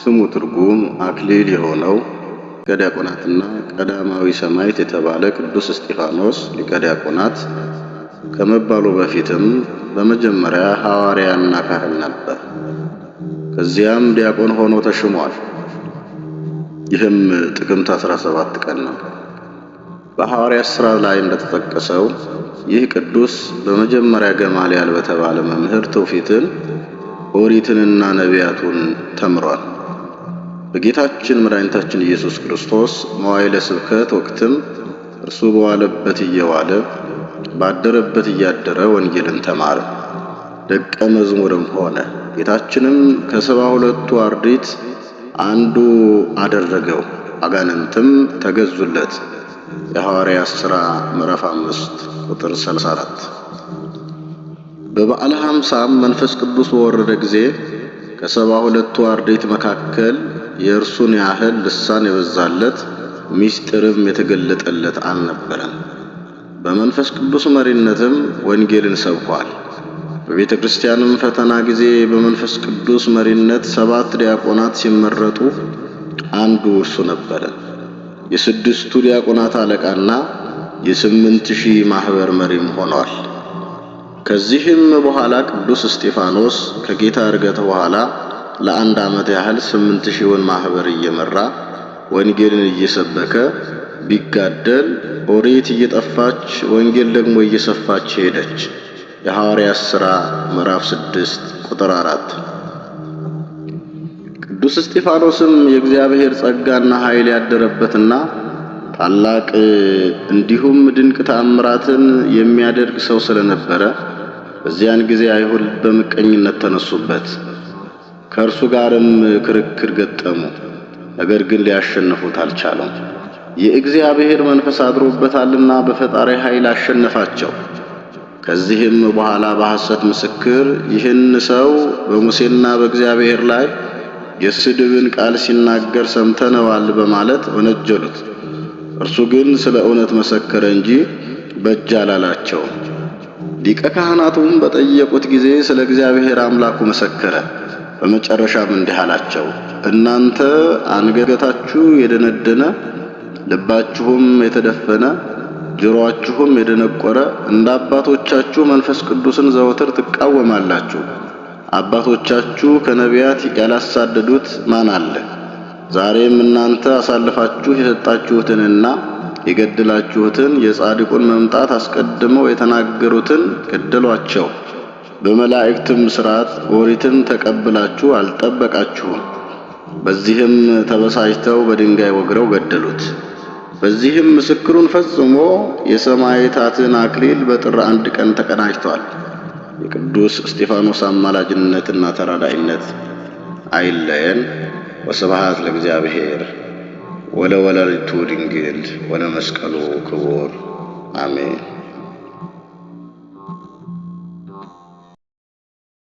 ስሙ ትርጉም አክሊል የሆነው ቀዲያቆናትና ቀዳማዊ ሰማዕት የተባለ ቅዱስ እስጢፋኖስ ሊቀ ከመባሉ በፊትም በመጀመሪያ ሐዋርያና ካህን ነበር። ከዚያም ዲያቆን ሆኖ ተሹሟል። ይህም ጥቅምት 17 ቀን ነው። በሐዋርያ ሥራ ላይ እንደተጠቀሰው ይህ ቅዱስ በመጀመሪያ ገማልያል በተባለ መምህር ትውፊትን ኦሪትንና ነቢያቱን ተምሯል። በጌታችን መድኃኒታችን ኢየሱስ ክርስቶስ መዋይለ ስብከት ወቅትም እርሱ በዋለበት እየዋለ ባደረበት እያደረ ወንጌልን ተማረ፣ ደቀ መዝሙርም ሆነ። ጌታችንም ከሰባ ሁለቱ አርድእት አንዱ አደረገው፣ አጋንንትም ተገዙለት። የሐዋርያ ሥራ ምዕራፍ 5 ቁጥር 34 በበዓለ ሐምሳም መንፈስ ቅዱስ በወረደ ጊዜ ከሰባ ሁለቱ አርዴት መካከል የእርሱን ያህል ልሳን የበዛለት ሚስጢርም የተገለጠለት አልነበረም። በመንፈስ ቅዱስ መሪነትም ወንጌልን ሰብኳል። በቤተ ክርስቲያንም ፈተና ጊዜ በመንፈስ ቅዱስ መሪነት ሰባት ዲያቆናት ሲመረጡ አንዱ እርሱ ነበረ። የስድስቱ ዲያቆናት አለቃና የስምንት ሺህ ማኅበር መሪም ሆነዋል። ከዚህም በኋላ ቅዱስ እስጢፋኖስ ከጌታ ዕርገት በኋላ ለአንድ ዓመት ያህል ስምንት ሺውን ማኅበር እየመራ ወንጌልን እየሰበከ ቢጋደል ኦሪት እየጠፋች ወንጌል ደግሞ እየሰፋች ሄደች። የሐዋርያት ሥራ ምዕራፍ ስድስት ቁጥር 4። ቅዱስ እስጢፋኖስም የእግዚአብሔር ጸጋና ኃይል ያደረበትና ታላቅ እንዲሁም ድንቅ ተአምራትን የሚያደርግ ሰው ስለነበረ በዚያን ጊዜ አይሁድ በምቀኝነት ተነሱበት፣ ከእርሱ ጋርም ክርክር ገጠሙ። ነገር ግን ሊያሸንፉት አልቻለም። የእግዚአብሔር መንፈስ አድሮበታልና በፈጣሪ ኃይል አሸነፋቸው። ከዚህም በኋላ በሐሰት ምስክር ይህን ሰው በሙሴና በእግዚአብሔር ላይ የስድብን ቃል ሲናገር ሰምተነዋል በማለት ወነጀሉት። እርሱ ግን ስለ እውነት መሰከረ እንጂ በጅ አላላቸው። ሊቀ ካህናቱም በጠየቁት ጊዜ ስለ እግዚአብሔር አምላኩ መሰከረ። በመጨረሻም እንዲህ አላቸው፣ እናንተ አንገታችሁ የደነደነ ልባችሁም የተደፈነ ጆሮአችሁም የደነቆረ እንደ አባቶቻችሁ መንፈስ ቅዱስን ዘወትር ትቃወማላችሁ። አባቶቻችሁ ከነቢያት ያላሳደዱት ማን አለ? ዛሬም እናንተ አሳልፋችሁ የሰጣችሁትንና የገደላችሁትን የጻድቁን መምጣት አስቀድመው የተናገሩትን ገደሏቸው። በመላእክትም ሥርዓት ኦሪትን ተቀብላችሁ አልጠበቃችሁም። በዚህም ተበሳጭተው በድንጋይ ወግረው ገደሉት። በዚህም ምስክሩን ፈጽሞ የሰማዕታትን አክሊል በጥር አንድ ቀን ተቀናጅቷል። የቅዱስ እስጢፋኖስ አማላጅነትና ተራዳይነት አይለየን። ወስብሐት ለእግዚአብሔር ወለወላዲቱ ድንግል ወለመስቀሉ ክቡር አሜን።